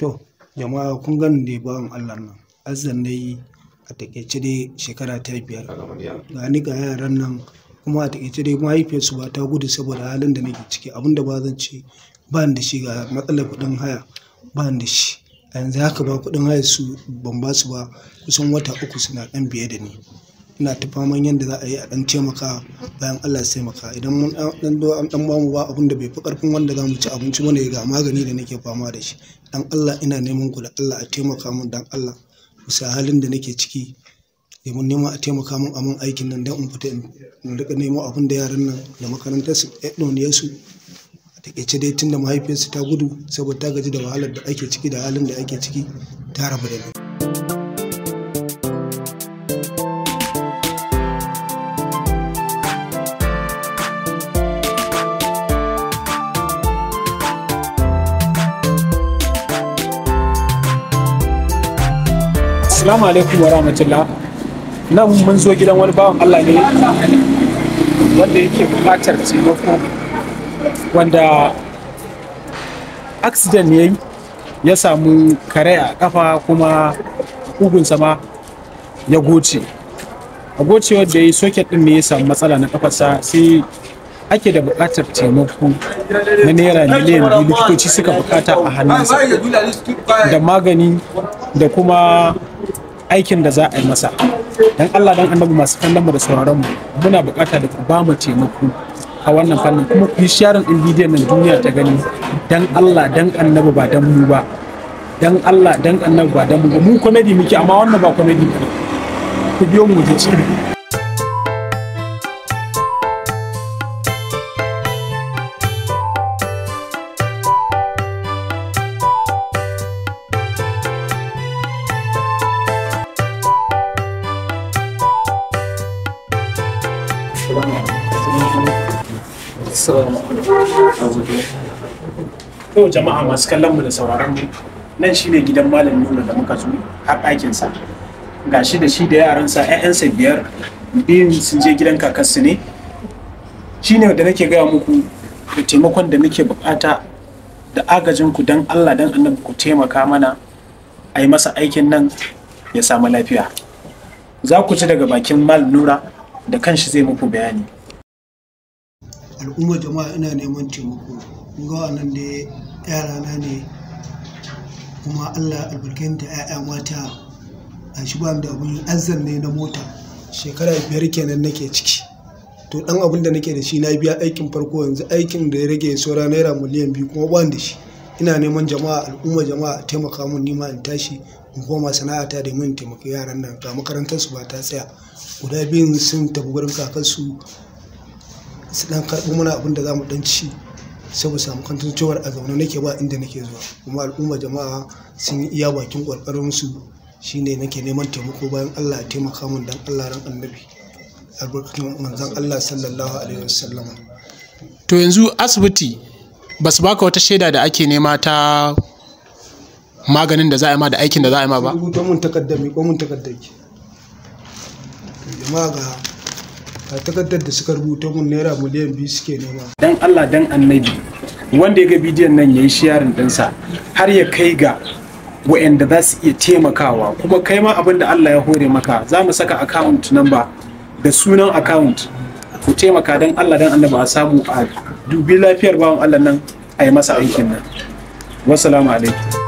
To, jama'a kun gani dai bawan Allah nan, azan dai a takaice dai shekara ta biyar. Ga ni ga yaran nan kuma a takaice dai mahaifiyarsu ba ta gudu saboda halin da nake ciki abinda ba zan ce ba da shi ga matsalar kuɗin haya ba da shi. A yanzu haka ba kuɗin haya su ban ba su ba kusan wata uku suna ɗan biye da ni. ina ta faman yadda za a yi a dan taimaka bayan Allah ya taimaka idan mun dan do an dan bamu ba abin da bai fi karfin wanda za mu ci abinci ne ga magani da nake fama da shi dan Allah ina neman ku da Allah a taimaka mun dan Allah bisa halin da nake ciki mun nema a taimaka mun a mun aikin nan dan in fita in rika nemo abin da yaran nan da makarantar su ɗauniyar su a takaice dai tunda mahaifiyarsu ta gudu saboda ta gaji da wahalar da ake ciki da halin da ake ciki ta rabu da ni. assalamu alaikum wa rahmatullah nan mun zo gidan wani bawan Allah ne wanda yake bukatar taimako wanda accident ne ya samu kare a kafa kuma kugunsa ma ya goce a gocewar da ya soket din ne ya samu matsala na kafarsa sai ake da buƙatar taimako na naira miliyan biyu likitoci suka bukata a hannunsa da magani da kuma aikin da za a yi masa dan Allah dan annabi masu kallon mu da sauraron mu muna bukata da ku ba mu taimako a wannan fannin kuma ku yi sharing din bidiyon nan duniya ta gani dan Allah dan annabi ba dan mu ba dan Allah dan annabi ba dan mu ba mu comedy muke amma wannan ba comedy ku biyo mu ji To jama'a masu kallon mu da sauraron nan shi ne gidan malam Nuna da muka zo har ɗakin Ga shi da shi da yaransa 'ya'yansa biyar biyun sun je gidan kakarsu ne. ne da nake gaya muku da taimakon da muke bukata da agajin ku dan Allah dan annabi ku taimaka mana a yi masa aikin nan ya samu lafiya. Za ku ci daga bakin Mal Nura da kanshi zai muku bayani al'ummar jama'a ina neman taimako ga wannan da yara na ne kuma allah da ya'ya mata a shi ba da abun azan ne na mota shekara biyar kenan nake ciki to dan abun da nake da shi na biya aikin farko yanzu aikin da ya rage saura naira miliyan biyu kuma ban da shi ina neman jama'a al'ummar jama'a taimaka mun nima in tashi in koma sana'ata domin taimaki yaran nan ga makarantar su ba ta tsaya guda biyun sun tafi gurin kakansu su dan karɓi mana abin da za mu dan ci sai mu samu kantin cewar a zaune nake ba inda nake zuwa kuma al'umma jama'a sun yi iya bakin ƙwarƙwarin su shine nake neman taimako bayan Allah ya taimaka min dan Allah ran annabi albarkatun manzon Allah sallallahu alaihi wasallam to yanzu asibiti basu baka wata shaida da ake nema ta maganin da za a yi ma da aikin da za a yi ma ba rubuta mun takaddami, ko mun takaddaki. jama'a ga a takaddar da suka rubuta mun naira miliyan biyu suke nema dan Allah dan annabi wanda ya ga bidiyon nan yayi sharing dinsa har ya kai ga wa'anda za su iya taimakawa kuma kai ma abin da Allah ya hore maka za mu saka account number da sunan account ku taimaka dan Allah dan annabi a samu a dubi lafiyar bawan Allah nan a yi masa aikin nan wassalamu alaikum